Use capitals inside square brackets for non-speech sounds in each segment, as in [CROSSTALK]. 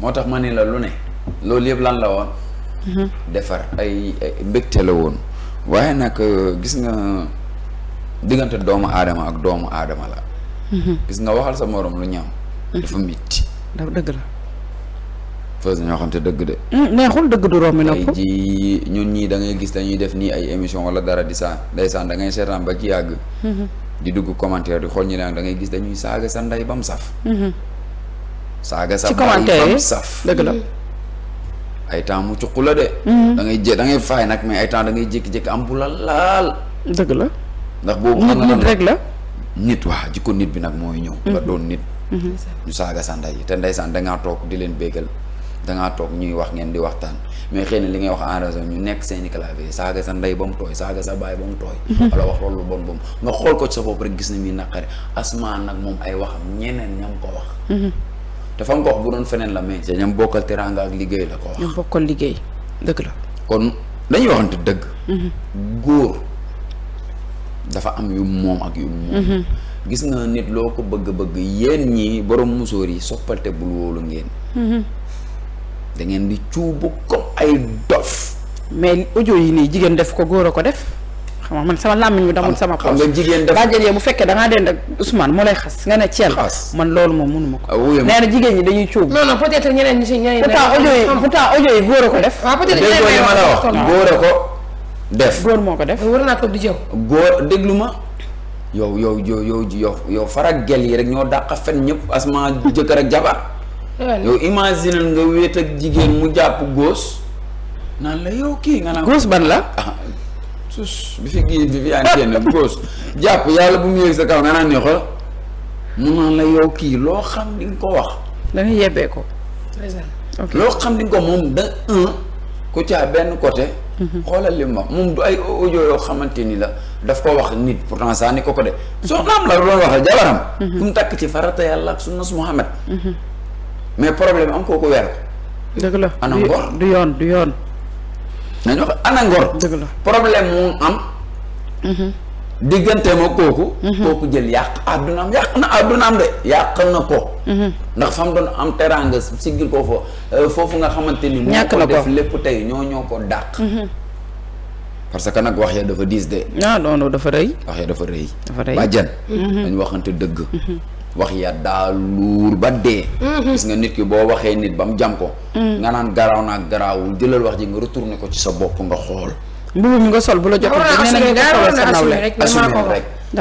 moo tax ma ne la lu ne loolu yëpp lan la woon defar ay mbégte la woon waaye nag euh, gis nga diggante doomu aadama ak doomu aadama la gis nga waxal sa moroom lu ñaaw dafa mitti da dëgg la feuse ñoo xam te dëgg de hmm, neexul dëgg du romb na ko ji ñun ñii dangay gis dañuy def nii ay émission wala dara di saa ndeysaan da dangay seetaan ba ki àgg hmm. di dugg commentaire di xool ñi ne da ngay gis dañuy saaga sa ndey ba mu saf hmm. saaga sa baay saf dëgg la mm. ay temps mu cuq la de mm-hmm. da ngay jé da ngay faay nag mais ay temps da ngay jékki-jékki am bu la laal la ndax boobu nit nit rek la nit waa jikko nit bi nag mooy ñëw nga mm-hmm. doon nit mm-hmm. ñu saaga sa ndey te ndeysaan dangaa toog di leen béggal dangaa toog ñuy wax ngeen di waxtaan mais xëy na li ngay wax en ñu nekk seeni clavier saaga sa ndey ba mu tooy saaga sa baay ba tooy wala wax loolu bon nga xool ko ci sa bopp rek gis na muy naqare asmaan nag moom ay waxam ñeneen ñam ko wax dafa ngox bu doon feneen la mais ca ñam bokkal teraanga ak liggéey la ko wax. ñam bokkal liggéey dëgg la. kon dañuy waxante dëgg. Mhm. góor dafa am yu moom ak yu moom. Mhm. gis nga nit loo ko bëgg-bëgg yéen ñii borom musóor yi soppalte bul wóolu ngeen. Mhm. da ngeen di cuubu comme ay dof. mais audio yi nii jigéen def ko góor a ko def. xam man sama làmmiñ bi damul sama poche xam nga jigéen dafa bàjjen yow bu fekkee da ngaa dend ak Ousmane moo lay xas nga ne Thiel man loolu moom mënu ah, ma ko nee jigéen ñi dañuy cuub non non peut être ñeneen ñi si ñeneen pourtant audio a ko def ah, waaw ko moo ko def war naa toog di jëw góor déglu ma yow yow yow yow yow yow farak gel yi rek ñoo dàq fen ñëpp asma jëkkër ak jabar [LAUGHS] yow imagine nga wéet ak jigéen mu jàpp góos naan la yow kii nga naan góos ban la ah, sus bi fi gii bi fi antenne gos jàpp yàlla bu mu yëg sa kaw nga naan ne xool mun naa la yow kii loo xam di nga ko wax danga yebbee ko loo xam di nga ko moom da un ku benn côté mhm. xoolal li ma moom du ay audio yoo xamante ni la daf ko wax nit pourtant saa ni ko ko de soxnaam la doon waxal jabaram bu mhm. mu takk ci farata yàlla ak su su Muhammad mhm. mais problème am kooku weer ko dëgg la ana ngor du yoon du yoon nañu wax ana ngor. dëgg la problème mu am. Mhm. diggante ma kooku. Mhm. kooku jël yàq àddunaam yàq na àddunaam de yàq na ko. Mhm. ndax fa doon am teraanga siggil ko fa euh, foofu nga xamante ni. ñàkk na ko def lépp tey ñoo ñoo ko dàq. parce que nag wax ya dafa diis de. ah non non dafa rëy. wax ya dafa rëy bàjjan. dañu waxante dëgg. wax ya daa luur ba dee mhm. gis nga nit ki boo waxee nit ba mu jam ko mhm. nga naan garaaw naa garaawul jëlal wax ji nga retourné ko ci sa bopp nga xool mbubu mi nga sol bu la jox rek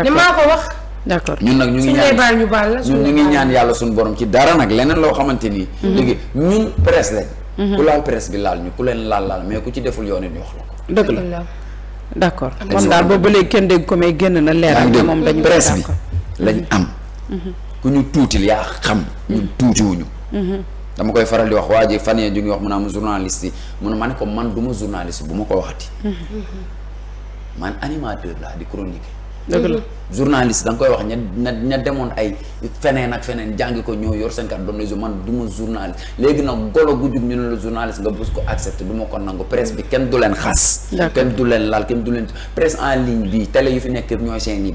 ni maa ko wax d'accord ñun nag ñu ngi ñaan ñu ngi ñaan yàlla suñu borom ci dara nag leneen loo xamante nii mhm. léegi ñun presse lañ ku laal bi laal ñu ku leen laal laal mais ku ci deful yoon it ñu wax daal boobu ba léegi kenn dégg ko mais génn na leer moom dañu presse bi lañ am ku ñu tuutil yaa xam ñun tuutiwuñu dama koy faral di wax waa ji fan yee ju ngi wax mu naan yi mun ma ne ko man du ma journaliste bu ma ko waxati man animateur laa di chronique dëgg la journaliste da nga koy wax ña ña ña demoon ay feneen ak feneen jàngi ko ñoo yor seen carte doon réseau man du ma journaliste léegi nag golo gu ñu ne la journaliste nga bës ko accepté du ma ko nangu presse bi kenn du leen xas. kenn du leen laal kenn du leen presse en ligne bi télé yu fi nekk ñooy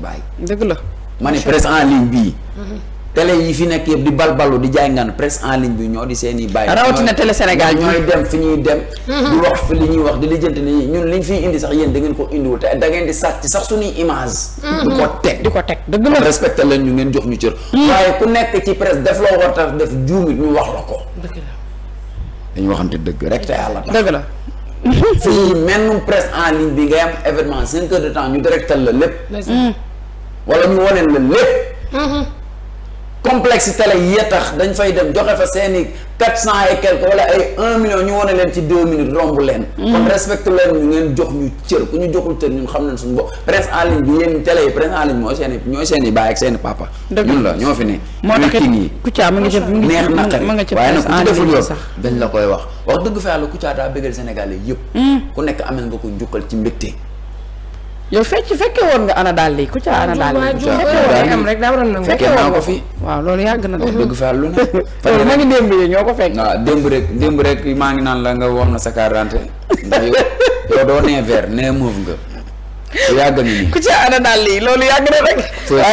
la. ma ne presse en ligne bii. Mhm. télé yi fi nekk yëpp di bal balbalu di jaay ngan presse en ligne bi ñoo di seeni i bàyyi. rawatina télé Sénégal ñooy dem fi ñuy dem. Mhm. di wax fi li ñuy wax di lijjanti ni ñun liñ fiy indi sax yéen da ngeen ko indiwul da ngeen di sàcc sax suñuy image. Mhm. di ko teg di ko teg dëgg la respecté leen ñu ngeen jox ñu cër. waaye ku nekk ci presse def loo war def juumit ñu wax la ko. dëgg la dañu waxante dëgg rek te yàlla tax dëgg la. [LAUGHS] fii mennum presse en ligne bi ngay am événement cinq heures de temps ñu directal la lépp. wala ñu waneen la lépp mm-hmm. complexe télé yee tax dañ fay dem joxe fa seeni quatre cent et quelque wala ay un million ñu wane leen ci deux minutes romb leen mm-hmm. kon respecte leen ñu ngeen jox ñu cër ku ñu joxul cër ñun xam nañ suñu bopp presse en bi yéen télé yi presse en mooy seeni ñooy seeni baay ak seeni papa ñun la ñoo fi ne moo tax it Kouthia mu ngi ci neex naqari waaye nag ku deful sax dañ la koy wax wax dëgg fa yàlla Kouthia daa bëggal Sénégal yëpp mm. ku nekk amel nga ko njukkal ci mbégte yow fecc fekke woon nga ana daal lii ku ca ana daal lii am rek daa waroon nangu fekke woon ko fi waaw loolu yàgg na dëgg fa lu ne loolu ma ngi démb yi ñoo ko fekk waaw démb rek démb rek maa ngi naan la nga wax na sa quarante ndax yow doo nee vert nee mauve nga yàgg na nii ku laa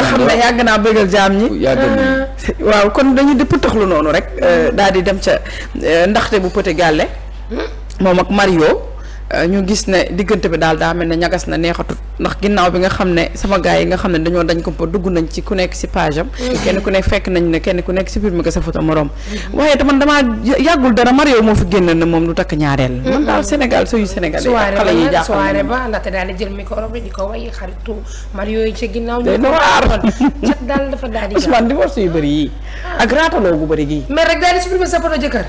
xam ne yàgg naa bëggal jaam ñi yàgg na [LAUGHS] waaw kon dañuy dëpp taxlu noonu rek mm. daal di dem ca eh, ndaxte bu pëte gale mm. moom ak Mario ñu gis ne diggante bi daal daa mel ne ñagas na neexatut ndax ginnaaw bi nga xam ne sama gars yi nga xam ne dañoo dañ ko dugg nañ ci ku nekk si page am. Mm-hmm. kenn ku nekk fekk nañ ne kenn ku nekk si biir mi nga sa photo morom. Mm-hmm. waaye dama damaa yàggul dara Mario moo na moom lu takk ñaareel. Mm-hmm. man daal Sénégal suyu Sénégal. ak xale yi jàppale soirée ba ndaxte daal di jël micro bi di ko way xaritu Mario yi ca ginnaaw. ñu ko waxoon cat daal dafa daal di. Ah. gu bëri gii. mais rek daal sa photo jëkkër.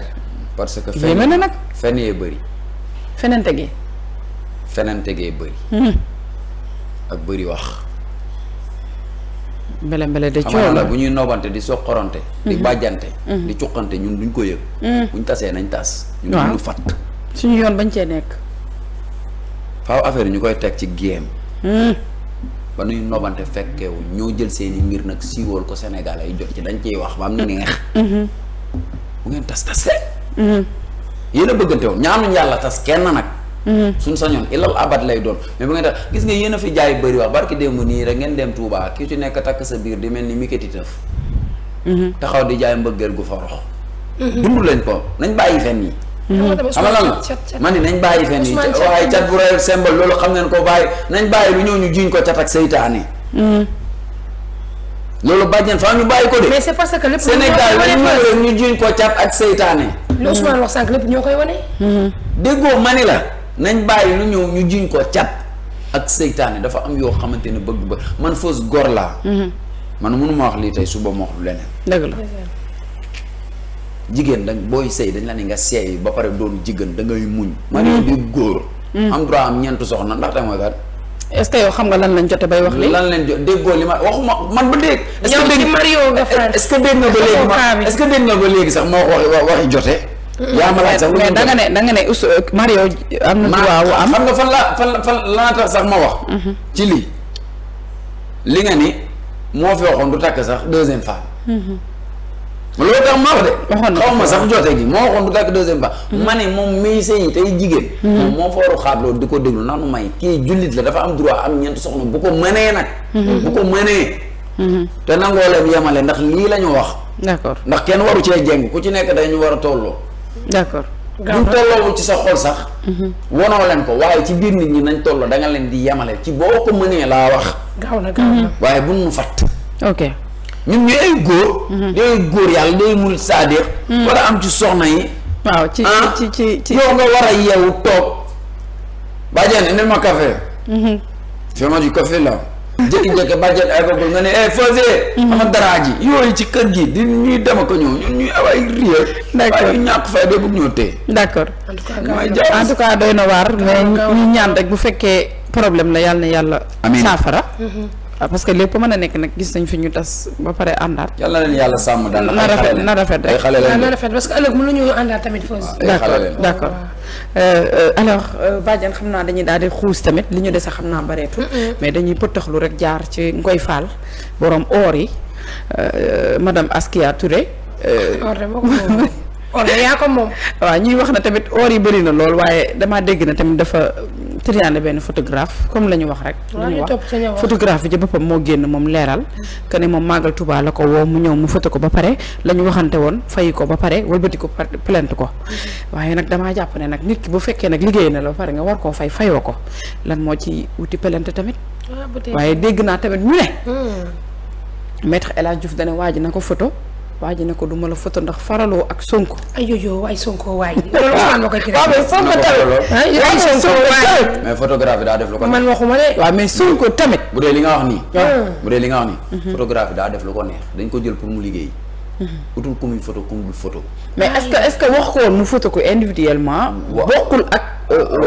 parce que fenn yéeme na nag fenente gi fenente gee bëri hmm. ak bëri wax mbele mbele de coow bu ñuy nobante di soqorante di hmm. bàjjante hmm. di cuqante ñun duñ ko yëg buñ tasee nañ tas ñun duñu fatt suñu yoon bañ cee nekk faw affaire ñu koy teg ci géem ba nuy nobante fekkewu ñoo jël seeni ngir nag siiwal ko Sénégal ay jot ci dañ ciy wax ba am neex bu ngeen tas tas rek yéen a bëggante woon ñaanuñ yàlla tas kenn nag. Mm-hmm. suñ sañoon ilal abad lay doon mais bu tax gis nga yéen fi jaay bëri wax barki démb nii rek ngeen dem Touba ki ci nekk takk sa biir di mel ni miketi tëf. Mm-hmm. taxaw di jaay mbëggeel gu farox. Mm-hmm. dund leen ko nañ bàyyi fen yi. xam nga lan la man ni nañ bàyyi fen yi waaye cat bu rey sembal loolu xam ngeen koo bàyyi nañ bàyyi lu ñëw ñu jiñ ko cat ak seytaane. loolu bàjjen fa ñu bàyyi ko de. mais c'est que lépp Sénégal ñu jiñ ko cat ak seytaane. li Ousmane mm-hmm. wax sànq lépp ñoo koy wane. Mm-hmm. déggoo ma la nañ bàyyi lu ñëw ñu jiñ ko cat ak seytaane dafa am yoo xamante ne bëgg ba man fausse góor laa. Mm-hmm. man mënuma wax lii tey suba ma wax lu leneen. dëgg la. jigéen dañ booy sëy dañ la ne nga seey ba pare doon jigéen da ngay muñ. ma ne di góor. am droit am ñeent soxna ndax tey mooy kat. est-ce que yow xam nga lan lañ jotee bay wax. lan lañ jot déggoo li ma waxuma man ba dégg. est-ce que dégg est-ce que dégg nga ba léegi ma est-ce que dégg nga ba léegi sax ma wax waxi jotee. yaa ma laaj sax mais euh, la ma wax. Mm-hmm. ci lii li nga ni moo fi waxoon du takk sax deuxième femme. loolu tax ma wax de. waxoon xaw ma sax joote gi moo waxoon du gàkk deuxième fois. Mm-hmm. ma ne moom miy sëy tey jigéen. Mm-hmm. moom moo fa war a xaabloo di ko déglu nanu may kii jullit la dafa am droit am ñeent soxna bu ko mënee nag. Mm-hmm. bu ko mënee. te nangoo leen yemale ndax lii la ñu wax. d'accord ndax kenn waru cee jeng ku ci nekk dañu war a tolloo. d'accord buñ tolloo ci sa xol sax. wonoo leen ko waaye ci biir nit ñi nañ tolloo danga leen di yamale ci boo ko mënee laa wax. gaaw na na waaye buñ mu fatt. ok. ñun ñu ay góor. day mhm. góor yàlla day mul saadiq. Mhm. war a am ci soxna yi. waaw ci ah, ci ci ci yow nga war a yeewu toog. bàjjen ne ma café. Mhm. fais-moi du café là. jékki-jékki bàjjen ay bopp nga ne eh Fosé. ama daraa ji yooyu ci kër gi di ñuy dem ak ñëw ñun ñuy aw ay réer. d' accord waaye d' accord en doy na waar mais ñu ñaan rek bu fekkee problème la yàlla na yàlla. amiin Ah, parce que lépp mën a nekk nag gis nañ fi ñu tas ba pare àndaat. yàlla sàmm daal. na rafet na rafet rek ah, na rafet parce que ëllëg mënuñu àndaat tamit foofu. d' accord d' xam naa dañuy daal di xuus tamit li ñu dese xam naa bareetul. mais dañuy pëttaxlu rek jaar ci Ngoy Fall borom or yi euh, madame Askia Touré. Euh, or de moom or de yaa ko moom. [LAUGHS] waaw ñuy wax na tamit or yi bëri na lool waaye damaa dégg na tamit dafa. tëriyaane benn photographe comme la ñu wax rek lu wax photographe bi ci boppam moo génn moom leeral que moom màggal Touba la ko woo mu ñëw mu foto ko ba pare la ñu waxante woon fayi ko ba pare wëlbati ko plainte ko mm-hmm. waaye nag damaa jàpp ne nag nit ki bu fekkee nag liggéey na la ba pare nga war koo fay fayoo ko lan moo ci wuti plainte tamit ah, waaye dégg naa tamit ñu ne mm. maître El Hadj Diouf dana waa ji na ko photo waa ji ne ko du ma la foto ndax faraloo ak Sonko. ayoyo [LAUGHS] waay Sonko waay. loolu Ousmane moo koy tere. waaw mais Sonko tamit. waay Sonko waay. mais photographe daa def lu ko man waxuma de. waaw mais Sonko tamit. bu dee li nga wax nii. bu dee li nga wax nii. Mhm. photographe daa def lu ko neex dañ ko jël pour mu liggéey. Mhm. utul ku muy photo ku mu photo. mais est-ce wax ko woon mu photo ko individuellement. bokkul ak.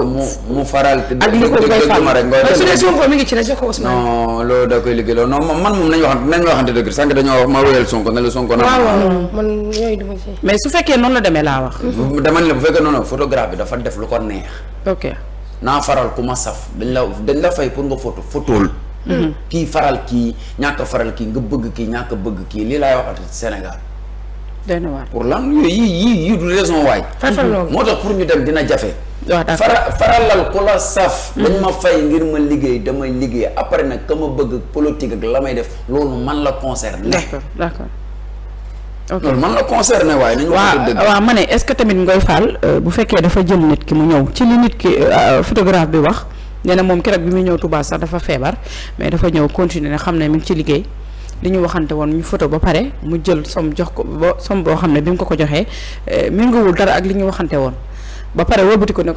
mu mu faral. ak ah, li ko koy fal mais su dee Sonko mi ngi ci la jox ko Ousmane. non loolu da koy liggéeyaloo non man moom nañu waxante ma la waaw waaw man yooyu mais su fekkee noonu la demee laa wax. dama ne la bu fekkee noonu photographe bi dafa def lu ko neex. ok naa faral ku ma saf dañ la dañ la fay pour nga photo photool. Mhm. kii faral kii ñàkk faral kii nga bëgg kii ñàkk bëgg kii lii laay waxati Sénégal. pour lan yooyu yii yii du raison waay. moo tax pour ñu dem dina jafe. fara faralal ku la saf. Hmm. dañ ma fay ngir ma liggéey damay liggéey après nag ka ma bëgg politique la may def loolu man la concerné. d'accord d'accord. ok loolu man la concerné waaye nañu. waaw waaw ma ne est-ce que tamit Ngoy Fall euh, bu fekkee dafa jël nit ki mu ñëw ci li nit ki euh, euh, photographe bi wax nee na moom keroog bi muy ñëw Touba sax dafa feebar mais dafa ñëw continuer ne xam ne mi ngi ci liggéey. li ñu waxante woon ñu photo ba pare mu jël som jox ko ba som boo xam ne bi mu ko ko joxee euh, méngoowul dara ak li ñu waxante woon ba pare wëlbati ko ne